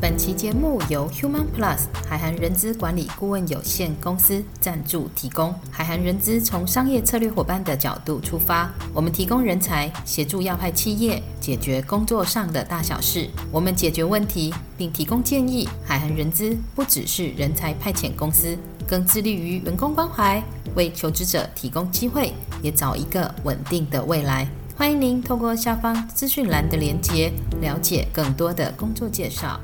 本期節目由 Human Plus 海涵人資管理顧問有限公司贊助提供。海涵人資從商業策略夥伴的角度出發，我們提供人才協助要派企業解決工作上的大小事。我們解決問題並提供建議。海涵人資不只是人才派遣公司，更致力於員工關懷，為求職者提供機會，也找一個穩定的未來。歡迎您透過下方資訊欄的連結，了解更多的工作介紹。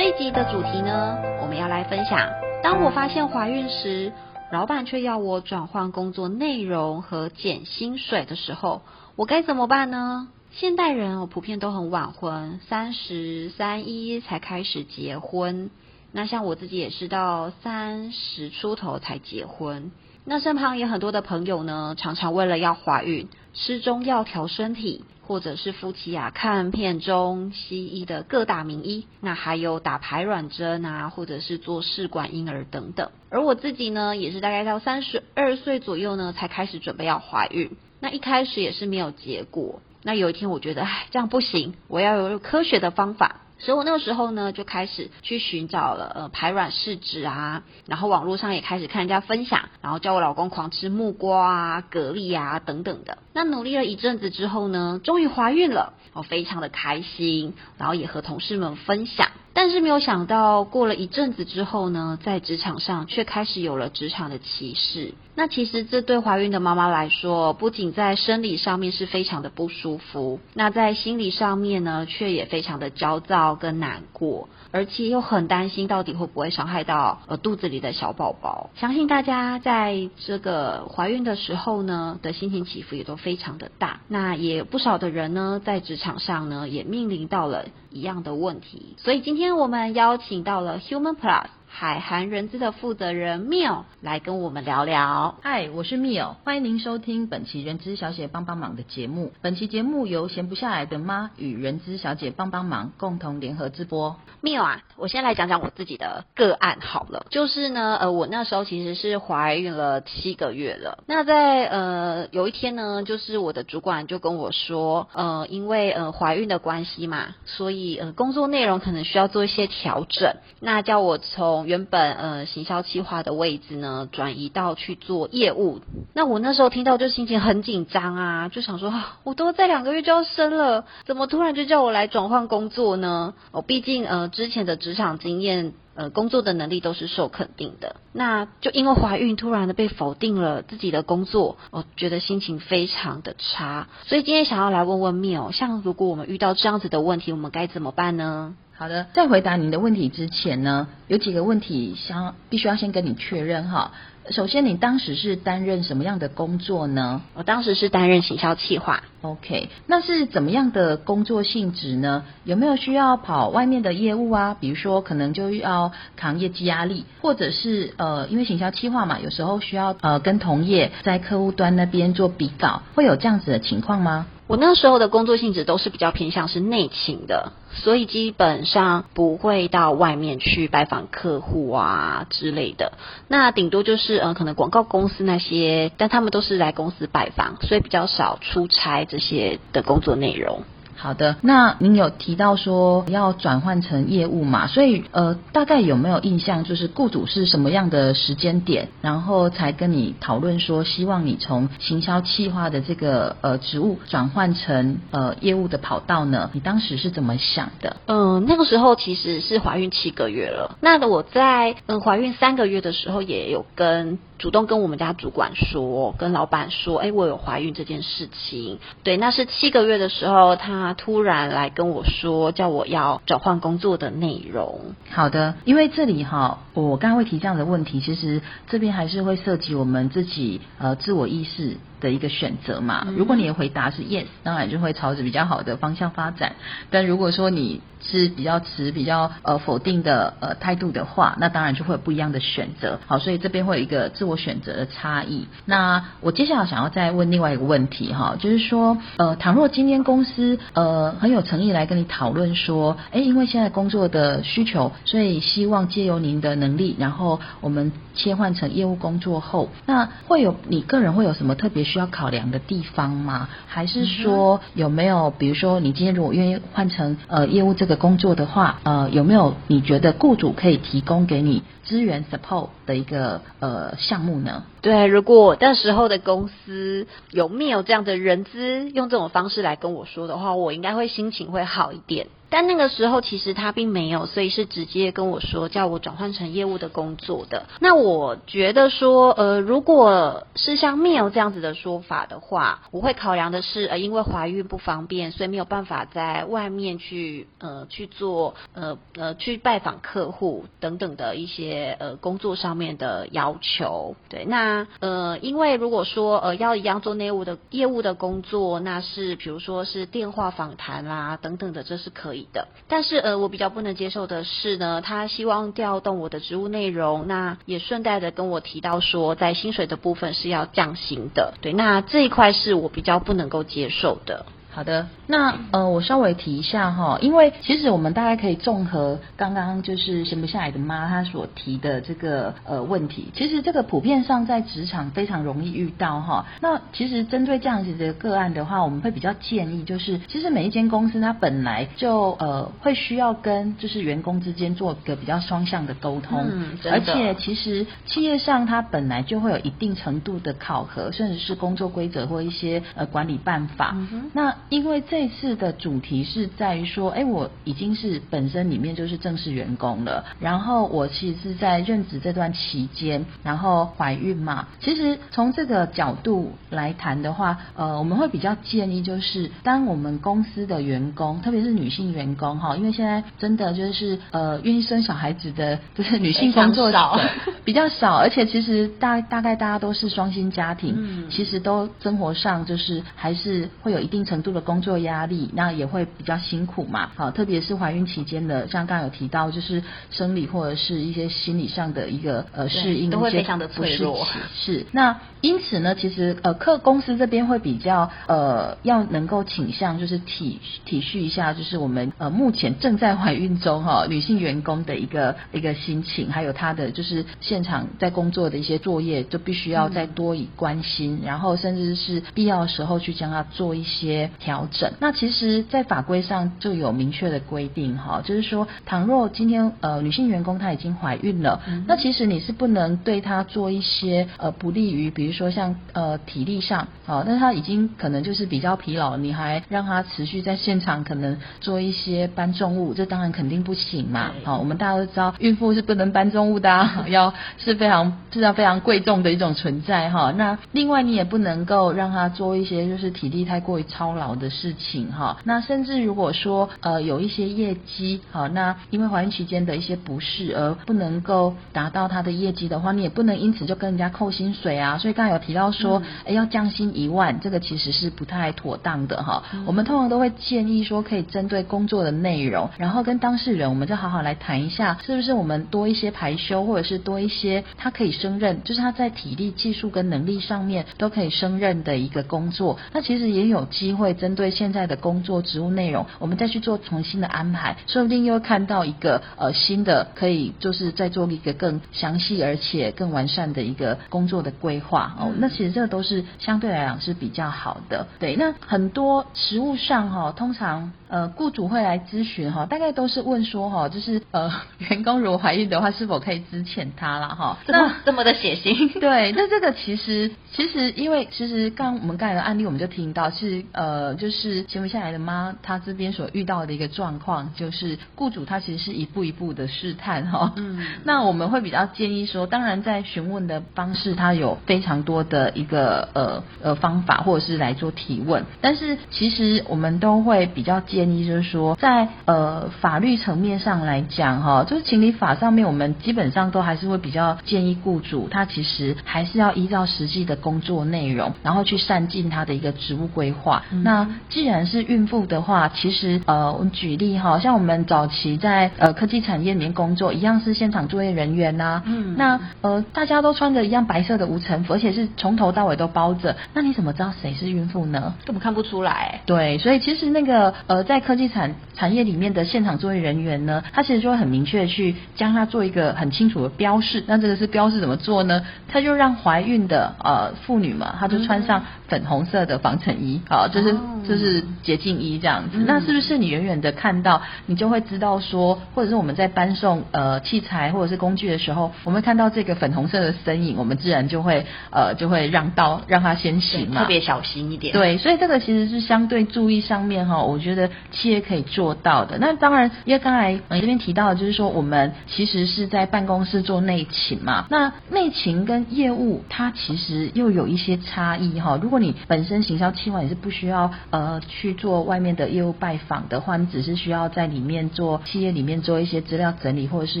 這一集的主題呢，我們要來分享。當我發現懷孕時，老板卻要我轉換工作內容和減薪水的時候，我該怎麼辦呢？現代人哦，普遍都很晚婚，三十三一才開始結婚。那像我自己也是到三十出頭才結婚。那身旁也很多的朋友呢，常常為了要懷孕，吃中藥調身體。或者是夫妻啊看片中西醫的各大名醫，那還有打排卵針啊，或者是做試管嬰兒等等。而我自己呢，也是大概到三十二歲左右呢，才開始準備要懷孕。那一開始也是沒有結果。那有一天我覺得，唉，這樣不行，我要有科學的方法。所以我那個時候呢，就開始去尋找了，呃，排卵試紙啊，然後網絡上也開始看人家分享，然後叫我老公狂吃木瓜啊、蛤蜊啊等等的。那努力了一陣子之後呢，終於懷孕了，我、哦、非常的開心，然後也和同事們分享。但是沒有想到，過了一陣子之後呢，在職場上卻開始有了職場的歧視。那其實這對懷孕的媽媽來說，不僅在生理上面是非常的不舒服，那在心理上面呢，卻也非常的焦躁跟難過，而且又很擔心到底會不會傷害到呃肚子裡的小寶寶。相信大家在這個懷孕的時候呢，的心情起伏也都非常的大。那也不少的人呢，在職場上呢，也面臨到了一樣的問題。所以今天我們邀請到了 Human Plus。海涵人資的負責人繆來跟我們聊聊。嗨，我是繆，歡迎您收聽本期人資小姐幫幫忙的節目。本期節目由閒不下來的媽與人資小姐幫幫忙共同聯合直播。繆啊，我先來講講我自己的個案好了。就是呢，呃，我那時候其實是懷孕了七個月了。那在呃有一天呢，就是我的主管就跟我說，呃，因為呃懷孕的關係嘛，所以呃工作內容可能需要做一些調整，那叫我從原本呃行銷企劃的位置呢，轉移到去做業務。那我那時候聽到就心情很緊張啊，就想說，啊、我都在兩個月就要生了，怎麼突然就叫我來轉換工作呢？哦，畢竟呃之前的職場經驗呃工作的能力都是受肯定的，那就因為懷孕突然的被否定了自己的工作，我、哦、覺得心情非常的差。所以今天想要來問問妙，像如果我們遇到這樣子的問題，我們該怎麼辦呢？好的，在回答您的問題之前呢，有幾個問題想要必須要先跟你確認哈。首先，你當時是擔任什麼樣的工作呢？我當時是擔任行銷企劃，OK，那是怎麼樣的工作性質呢？有沒有需要跑外面的業務啊？比如說，可能就要扛業績壓力，或者是呃，因為行銷企劃嘛，有時候需要呃跟同業在客戶端那邊做比稿，會有這樣子的情況嗎？我那時候的工作性質都是比較偏向是內勤的，所以基本上不會到外面去拜訪客戶啊之類的。那頂多就是，呃，可能廣告公司那些，但他們都是來公司拜訪，所以比較少出差這些的工作內容。好的，那您有提到說要轉換成業務嘛？所以呃，大概有沒有印象，就是雇主是什麼樣的時間點，然後才跟你討論說希望你從行銷企劃的這個呃職務轉換成呃業務的跑道呢？你當時是怎麼想的？嗯、呃，那個時候其實是懷孕七個月了。那我在嗯、呃、懷孕三個月的時候也有跟。主動跟我們家主管說，跟老闆說，哎，我有懷孕這件事情。對，那是七個月的時候，他突然來跟我說，叫我要轉換工作的內容。好的，因為這裡哈，我剛剛會提這樣的問題，其實這邊還是會涉及我們自己呃自我意識。的一個選擇嘛，如果你的回答是 yes，當然就會朝着比較好的方向發展。但如果說你是比較持比較呃否定的呃態度的話，那當然就會有不一樣的選擇。好，所以這邊會有一個自我選擇的差異。那我接下來想要再問另外一個問題哈，就是說呃，倘若今天公司呃很有誠意來跟你討論說，誒，因為現在工作的需求，所以希望借由您的能力，然後我們切換成業務工作後，那會有你個人會有什麼特別？需要考量的地方嗎？還是說、嗯、有沒有，比如說你今天如果願意換成呃業務這個工作的話，呃有沒有你覺得雇主可以提供給你資源 support 的一個呃項目呢？對，如果那時候的公司有沒有這樣的人資，用這種方式來跟我說的話，我應該會心情會好一點。但那個時候其實他並沒有，所以是直接跟我說叫我轉換成業務的工作的。那我覺得說，呃，如果是像 mail 這樣子的說法的話，我會考量的是，呃，因為懷孕不方便，所以沒有辦法在外面去，呃，去做，呃，呃，去拜訪客戶等等的一些，呃，工作上面的要求。對，那，呃，因為如果說，呃，要一樣做內務的業務的工作，那是，比如說是電話訪談啦、啊、等等的，這是可以。但是呃，我比較不能接受的是呢，他希望調動我的職務內容，那也順帶的跟我提到說，在薪水的部分是要降薪的，對，那這一塊是我比較不能夠接受的。好的，那呃，我稍微提一下哈，因為其實我們大概可以綜合剛剛就是生不下來的媽她所提的這個呃問題，其實這個普遍上在職場非常容易遇到哈。那其實針對這樣子的個案的話，我們會比較建議就是，其實每一間公司它本來就呃會需要跟就是員工之間做一個比較雙向的溝通，嗯，而且其實企業上它本來就會有一定程度的考核，甚至是工作規則或一些呃管理辦法，嗯哼，那。因為這次的主題是在於說，哎，我已經是本身裡面就是正式員工了，然後我其實是在任職這段期間，然後懷孕嘛，其實從這個角度來談的話，呃，我們會比較建議就是，當我們公司的員工，特別是女性員工哈，因為現在真的就是呃，願意生小孩子的就是女性工作少，比較少，而且其實大大概大家都是雙薪家庭，嗯，其實都生活上就是還是會有一定程度。這個工作壓力，那也會比較辛苦嘛，好，特別是懷孕期間的，像剛剛有提到，就是生理或者是一些心理上的一個呃適應，都會非常的脆弱，是那。因此呢，其實呃，客公司這邊會比較呃，要能夠傾向就是體體恤一下，就是我們呃目前正在懷孕中哈、哦、女性員工的一個一個心情，還有她的就是現場在工作的一些作業，就必須要再多以關心，嗯、然後甚至是必要的時候去將她做一些調整。那其實，在法規上就有明確的規定哈、哦，就是說，倘若今天呃女性員工她已經懷孕了嗯嗯，那其實你是不能對她做一些呃不利於比如。比如說像呃體力上好、哦，但是他已經可能就是比較疲勞了，你還讓他持續在現場可能做一些搬重物，這當然肯定不行嘛。好、哦，我們大家都知道，孕婦是不能搬重物的，啊， 要是非常是要非常貴重的一種存在哈、哦。那另外你也不能夠讓他做一些就是體力太過於操勞的事情哈、哦。那甚至如果說呃有一些業績好、哦，那因為懷孕期間的一些不適而不能夠達到他的業績的話，你也不能因此就跟人家扣薪水啊。所以。那有提到說哎，要降薪一萬，這個其實是不太妥當的哈、嗯。我們通常都會建議說，可以針對工作的內容，然後跟當事人，我們就好好來談一下，是不是我們多一些排休，或者是多一些他可以勝任，就是他在體力、技術跟能力上面都可以勝任的一個工作。那其實也有機會，針對現在的工作職務內容，我們再去做重新的安排，說不定又會看到一個呃新的可以，就是再做一個更詳細而且更完善的一個工作的規劃。哦，那其實這個都是相對來講是比較好的。對，那很多實務上哈，通常。呃，雇主會來諮詢哈、哦，大概都是問說哈、哦，就是呃，員工如果懷孕的話，是否可以資遣她啦？哈、哦？這麼這麼的血腥足夾？對，那這個其實其實因為其實剛，剛我們剛才的案例，我們就聽到是呃，就是請問下來的媽，她這邊所遇到的一個狀況，就是雇主他其實是一步一步的試探哈、哦。嗯。那我們會比較建議說，當然在詢問的方式，他有非常多的一個呃呃方法或者是來做提問，但是其實我們都會比較建議建議就是說，在呃法律層面上來講，哈、哦，就是情理法上面，我們基本上都還是會比較建議雇主，他其實還是要依照實際的工作內容，然後去善盡他的一個職務規劃。嗯。那既然是孕婦的話，其實呃，我們舉例哈，像我們早期在呃科技產業裡面工作，一樣是現場作業人員吶、啊。嗯。那呃，大家都穿着一樣白色的無塵服，而且是從頭到尾都包着，那你怎麼知道誰是孕婦呢？根本看不出來。對，所以其實那個呃。在科技產產業裡面的現場作業人員呢，他其實就會很明確的去將它做一個很清楚的標示。那這個是標示怎麼做呢？他就讓懷孕的呃婦女嘛，她就穿上粉紅色的防塵衣，好、呃，就是。嗯、就是潔淨衣，這樣子，那是不是你遠遠的看到，你就會知道說，嗯、或者是我們在搬送呃器材或者是工具的時候，我們看到這個粉紅色的身影，我們自然就會呃就會讓道，讓他先行嘛，特別小心一點。對，所以這個其實是相對注意上面哈，我覺得企業可以做到的。那當然，因為剛才你這邊提到的，就是說我們其實是在辦公室做內勤嘛，那內勤跟業務它其實又有一些差異哈。如果你本身行銷企劃也是不需要。呃，去做外面的業務拜訪的話，你只是需要在裡面做企業裡面做一些資料整理，或者是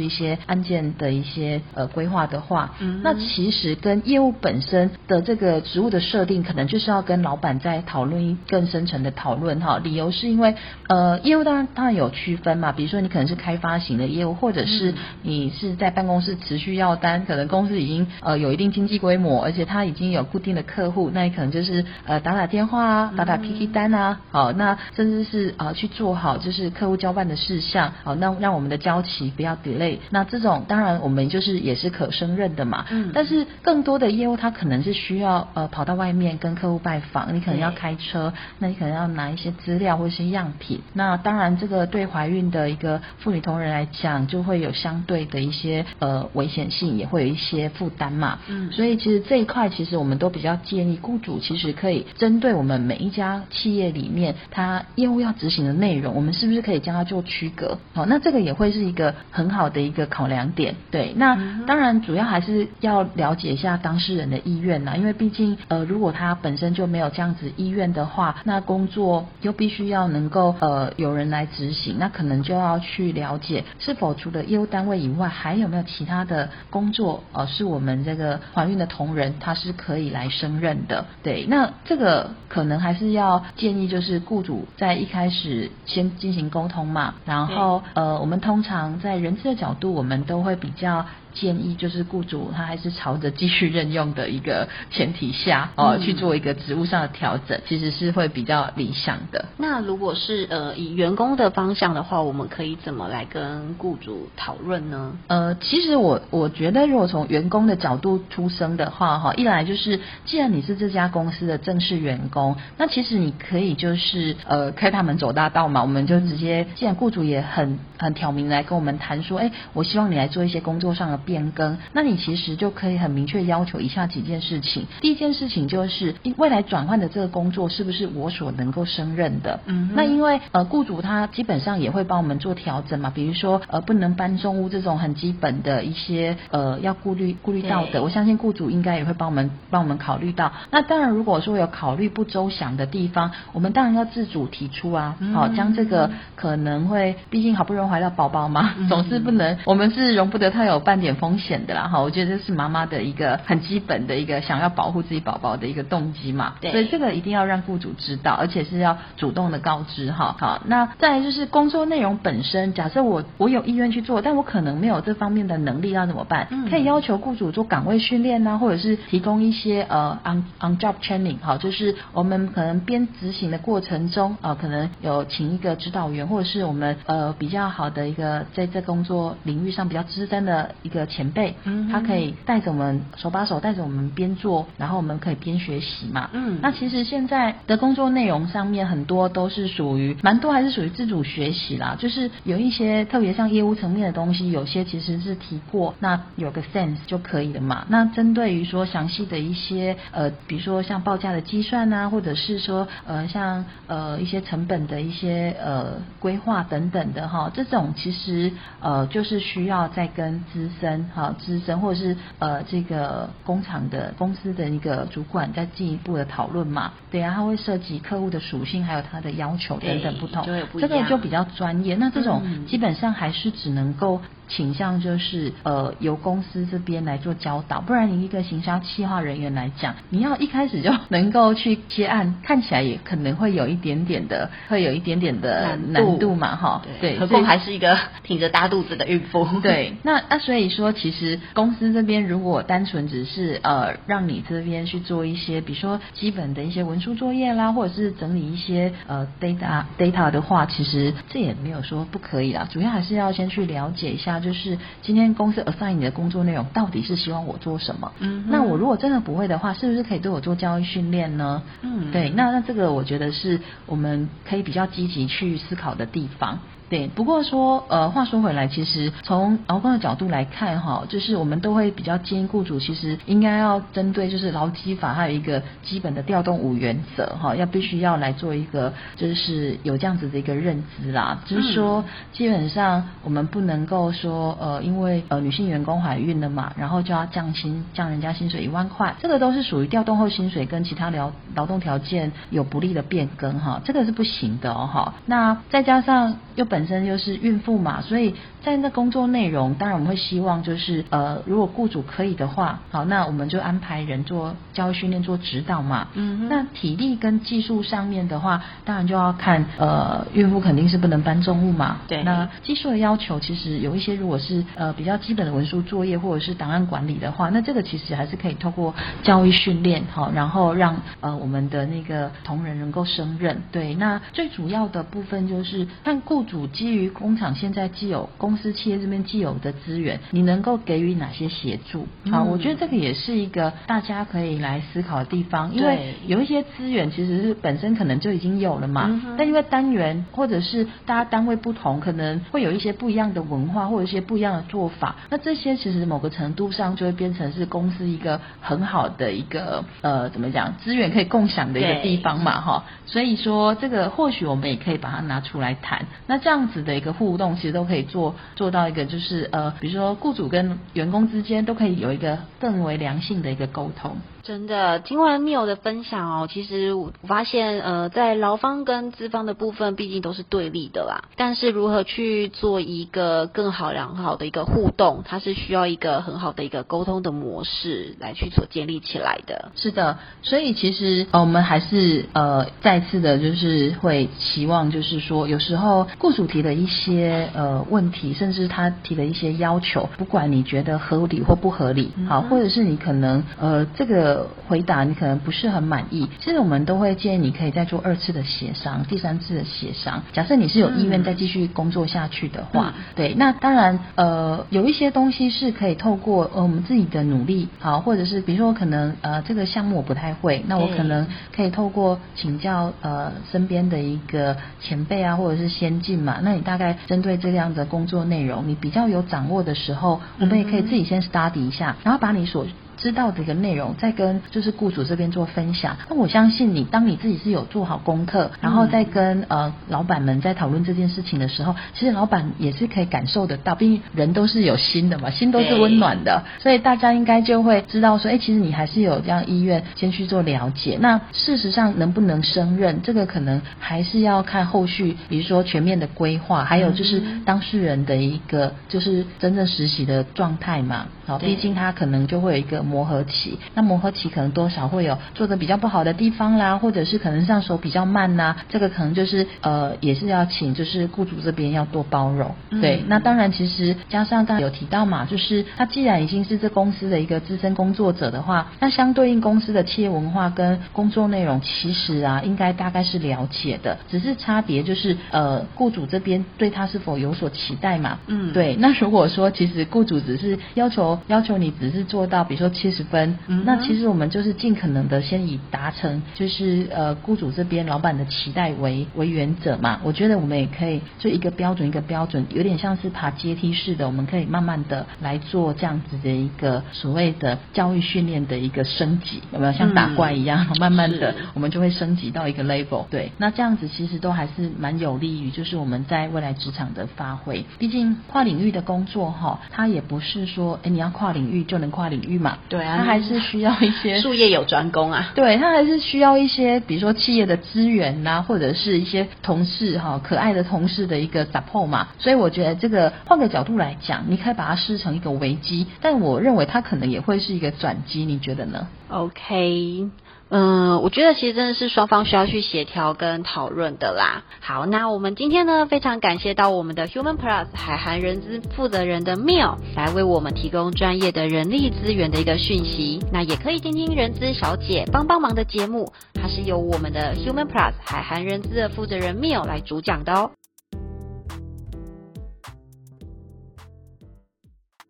一些案件的一些呃規劃的話，嗯，那其實跟業務本身的這個職務的設定，可能就是要跟老闆在討論，更深層的討論哈。理由是因為，呃，業務當然當然有區分嘛，比如說你可能是開發型的業務，或者是你是在辦公室持續要單，可能公司已經呃有一定經濟規模，而且他已經有固定的客戶，那你可能就是呃打打電話啊，打打 PK 單、嗯單啊，好，那甚至是呃去做好就是客戶交辦的事項，好，那讓我們的交期不要 delay。那這種當然我們就是也是可勝任的嘛。嗯。但是更多的業務，他可能是需要呃跑到外面跟客戶拜訪，你可能要開車，那你可能要拿一些資料或一些樣品。那當然這個對懷孕的一個婦女同仁來講，就會有相對的一些呃危險性，也會有一些負擔嘛。嗯。所以其實這一塊其實我們都比較建議，雇主其實可以針對我們每一家業裡面，他業務要執行的內容，我們是不是可以將它做區隔？好、哦，那這個也會是一個很好的一個考量點。對，那當然主要還是要了解一下當事人的意願啦，因為畢竟呃，如果他本身就沒有這樣子意願的話，那工作又必須要能夠呃有人來執行，那可能就要去了解是否除了業務單位以外，還有沒有其他的工作呃，是我們這個懷孕的同仁他是可以來勝任的。對，那這個可能還是要。建議就是雇主在一開始先進行溝通嘛，然後呃，我們通常在人資的角度，我們都會比較。建議就是雇主他還是朝着繼續任用的一個前提下哦、嗯、去做一個職務上的調整，其實是會比較理想的。那如果是呃以員工的方向的話，我們可以怎麼來跟雇主討論呢？呃，其實我我覺得如果從員工的角度出生的話，哈，一來就是既然你是這家公司的正式員工，那其實你可以就是呃開大門走大道嘛，我們就直接，既然雇主也很很挑明來跟我們談說，哎、欸，我希望你來做一些工作上的。變更，那你其實就可以很明確要求以下幾件事情。第一件事情就是未來轉換的這個工作是不是我所能夠勝任的？嗯，那因為呃雇主他基本上也會幫我們做調整嘛，比如說呃不能搬重物這種很基本的一些呃要顧慮顧慮到的，我相信雇主應該也會幫我們幫我們考慮到。那當然如果說有考慮不周詳的地方，我們當然要自主提出啊。嗯、好，將這個可能會，畢竟好不容易懷到寶寶嘛、嗯，總是不能，我們是容不得他有半點。風險的啦，哈，我覺得這是媽媽的一個很基本的一個想要保護自己寶寶的一個動機嘛，對，所以這個一定要讓雇主知道，而且是要主動的告知哈，好，那再來就是工作內容本身，假設我我有意願去做，但我可能沒有這方面的能力要怎麼辦、嗯？可以要求雇主做崗位訓練吶、啊，或者是提供一些呃 on on job training，哈，就是我們可能邊執行的過程中啊、呃，可能有請一個指導員，或者是我們呃比較好的一個在這工作領域上比較資深的一個。的前輩，嗯，他可以帶着我們手把手帶着我們邊做，然後我們可以邊學習嘛。嗯，那其實現在的工作內容上面很多都是屬於，蠻多還是屬於自主學習啦。就是有一些特別像業務層面的東西，有些其實是提過，那有個 sense 就可以了嘛。那針對於說詳細的一些呃，比如說像報價的計算啊，或者是說呃像呃一些成本的一些呃規劃等等的哈，這種其實呃就是需要再跟資深.好，資深或者是呃，這個工廠的公司的一個主管在進一步的討論嘛。對啊，他會涉及客戶的屬性，還有他的要求等等不同，不，這個就比較專業。那這種基本上還是只能夠。傾向就是呃，由公司這邊來做教導，不然你一個行銷企劃人員來講，你要一開始就能夠去接案，看起來也可能會有一點點的，會有一點點的難度嘛，哈，對，何況還是一個挺着大肚子的孕婦。對，那那所以說，其實公司這邊如果單純只是呃讓你這邊去做一些，比如說基本的一些文書作業啦，或者是整理一些呃 data data 的話，其實這也沒有說不可以啦，主要還是要先去了解一下。就是今天公司 assign 你的工作內容，到底是希望我做什麼？嗯、mm -hmm.，那我如果真的不會的話，是不是可以對我做教育訓練呢？嗯、mm -hmm.，對，那那這個我覺得是我們可以比較積極去思考的地方。對，不過說呃，話說回來，其實從勞工的角度來看，哈，就是我們都會比較建議僱主，其實應該要針對就是勞基法，還有一個基本的調動五原則，哈，要必須要來做一個就是有這樣子的一個認知啦。就是說，基本上我們不能夠說。說呃，因為呃女性員工懷孕了嘛，然後就要降薪，降人家薪水一萬塊，這個都是屬於調動後薪水跟其他勞勞動條件有不利的變更哈，這個是不行的哦哈。那再加上又本身又是孕婦嘛，所以在那工作內容，當然我們會希望就是呃，如果雇主可以的話，好，那我們就安排人做教育訓練，做指導嘛。嗯，那體力跟技術上面的話，當然就要看呃，孕婦肯定是不能搬重物嘛。對，那技術的要求其實有一些。如果是呃比較基本的文書作業，或者是檔案管理的話，那這個其實還是可以透過教育訓練，好、哦，然後讓呃我們的那個同仁能夠勝任。對，那最主要的部分就是看雇主基於工廠現在既有公司企業這邊既有的資源，你能夠給予哪些協助。好，我覺得這個也是一個大家可以來思考的地方，因為有一些資源其實是本身可能就已經有了嘛、嗯哼，但因為單元或者是大家單位不同，可能會有一些不一樣的文化或。有一些不一樣的做法，那這些其實某個程度上就會變成是公司一個很好的一個呃，怎麼講，資源可以共享的一個地方嘛，哈。所以說這個或許我們也可以把它拿出來談，那這樣子的一個互動其實都可以做做到一個就是呃，比如說雇主跟員工之間都可以有一個更為良性的一個溝通。真的，聽完繆的分享哦，其實我發現，呃，在勞方跟資方的部分，畢竟都是對立的啦。但是，如何去做一個更好、良好的一個互動，它是需要一個很好的一個溝通的模式來去所建立起來的。是的，所以其實、呃、我們還是呃再次的，就是會期望，就是說，有時候雇主提的一些呃問題，甚至他提的一些要求，不管你覺得合理或不合理，嗯、好，或者是你可能呃這個。呃，回答你可能不是很滿意。其實我們都會建議你可以再做二次的協商，第三次的協商。假設你是有意願再繼續工作下去的話，嗯，對，那當然，呃，有一些東西是可以透過呃我們自己的努力好，或者是比如說可能呃這個項目我不太會，那我可能可以透過請教呃身邊的一個前輩啊，或者是先進嘛。那你大概針對這樣的工作內容，你比較有掌握的時候，我們也可以自己先 study 一下，嗯，然後把你所。知道的一個內容，再跟就是雇主這邊做分享。那我相信你，當你自己是有做好功課，嗯、然後再跟呃老闆們在討論這件事情的時候，其實老闆也是可以感受得到，畢竟人都是有心的嘛，心都是溫暖的，所以大家應該就會知道說，哎、欸，其實你還是有這樣意願先去做了解。那事實上能不能勝任，這個可能還是要看後續，比如說全面的規劃，還有就是當事人的一個就是真正實習的狀態嘛。好，畢竟他可能就會有一個。磨合期，那磨合期可能多少會有做得比較不好的地方啦，或者是可能上手比較慢吶、啊，這個可能就是呃，也是要請就是雇主這邊要多包容，對。嗯、那當然，其實加上剛才有提到嘛，就是他既然已經是這公司的一個資深工作者的話，那相對應公司的企業文化跟工作內容，其實啊，應該大概是了解的，只是差別就是呃，雇主這邊對他是否有所期待嘛，嗯，對。那如果說其實雇主只是要求要求你只是做到，比如說。七十分，嗯。那其實我們就是盡可能的先以達成，就是呃雇主這邊老闆的期待為為原則嘛。我覺得我們也可以就一個標準一個標準，有點像是爬階梯式的，我們可以慢慢的來做這樣子的一個所謂的教育訓練的一個升級，有沒有像打怪一樣，嗯，慢慢的我們就會升級到一個 level。對，那這樣子其實都還是蠻有利於，就是我們在未來職場的發揮。畢竟跨領域的工作哈，它也不是說哎你要跨領域就能跨領域嘛。對啊，他還是需要一些術業有專攻啊。對，他還是需要一些，比如說企業的資源吶、啊，或者是一些同事哈、哦，可愛的同事的一個 support 嘛。所以我覺得這個換個角度來講，你可以把它視成一個危機，但我認為它可能也會是一個轉機，你覺得呢？OK。嗯，我覺得其實真的是雙方需要去協調跟討論的啦。好，那我們今天呢，非常感謝到我們的 Human Plus 海涵人資負責人的 Mil 來為我們提供專業的人力資源的一個訊息。那也可以聽聽人資小姐幫幫忙的節目，它是由我們的 Human Plus 海涵人資的負責人 Mil 來主講的哦。